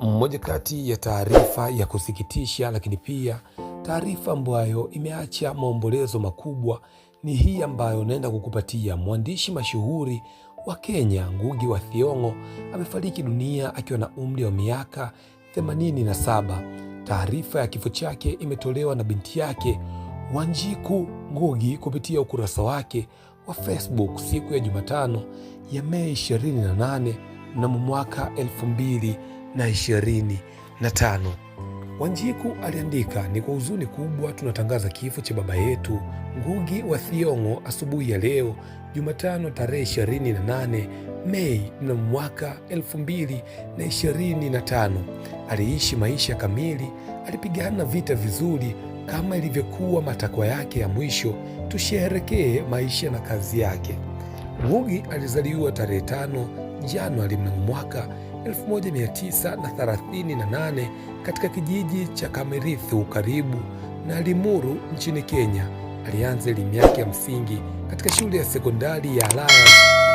Mmoja kati ya taarifa ya kusikitisha, lakini pia taarifa ambayo imeacha maombolezo makubwa ni hii ambayo naenda kukupatia. Mwandishi mashuhuri wa Kenya Ngugi wa Thiong'o amefariki dunia akiwa na umri wa miaka 87. Taarifa ya kifo chake imetolewa na binti yake Wanjiku Ngugi kupitia ukurasa wake wa Facebook siku ya Jumatano ya Mei 28 mnamo mwaka 2000 na ishirini na tano. Wanjiku aliandika, ni kwa huzuni kubwa tunatangaza kifo cha baba yetu Ngugi wa Thiong'o asubuhi ya leo Jumatano tarehe 28 Mei mnamo mwaka tano. Aliishi maisha kamili, alipigana vita vizuri kama ilivyokuwa matakwa yake ya mwisho. Tusheherekee maisha na kazi yake. Ngugi alizaliwa tarehe tano Januari mnamo mwaka 1938 katika kijiji cha Kamerithu karibu na Limuru nchini Kenya. Alianza elimu yake ya msingi katika shule ya sekondari ya Alaya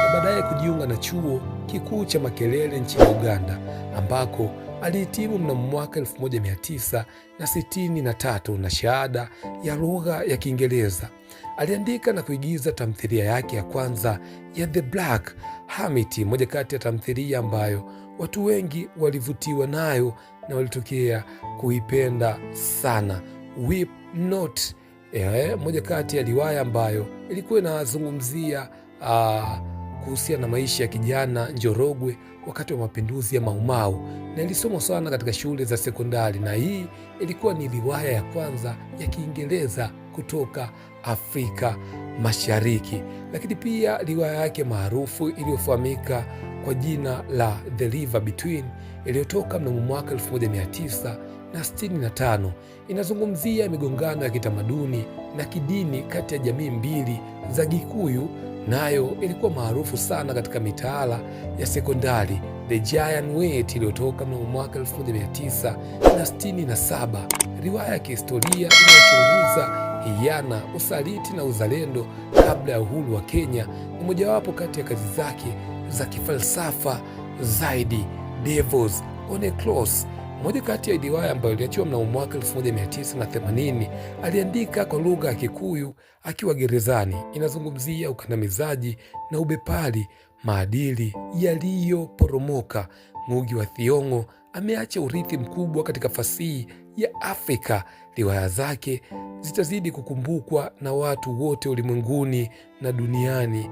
na baadaye kujiunga na chuo kikuu cha Makerere nchini Uganda ambako alihitimu mnamo mwaka 1963 na, na shahada ya lugha ya Kiingereza. Aliandika na kuigiza tamthilia yake ya kwanza ya The Black Hermit, moja kati ya tamthilia ambayo Watu wengi walivutiwa nayo na walitokea kuipenda sana. Weep not, eh, moja kati ya riwaya ambayo ilikuwa inazungumzia ah, kuhusiana na maisha ya kijana Njorogwe wakati wa mapinduzi ya Maumau na ilisomwa sana katika shule za sekondari, na hii ilikuwa ni riwaya ya kwanza ya Kiingereza kutoka Afrika Mashariki, lakini pia riwaya yake maarufu iliyofahamika kwa jina la The River Between iliyotoka mnamo mwaka 1965 inazungumzia migongano ya kitamaduni na kidini kati ya jamii mbili za Gikuyu, nayo ilikuwa maarufu sana katika mitaala ya sekondari. The Giant Wait iliyotoka mnamo mwaka 1967, riwaya ya kihistoria inayochunguza hiana, usaliti na uzalendo kabla ya uhuru wa Kenya, ni mojawapo kati ya kazi zake za kifalsafa zaidi Devils on a Cross, moja kati ya riwaya ambayo iliachiwa mnamo mwaka 1980 aliandika kwa lugha ya Kikuyu akiwa gerezani. Inazungumzia ukandamizaji na ubepari, maadili yaliyoporomoka. Ngugi wa Thiong'o ameacha urithi mkubwa katika fasihi ya Afrika. Riwaya zake zitazidi kukumbukwa na watu wote ulimwenguni na duniani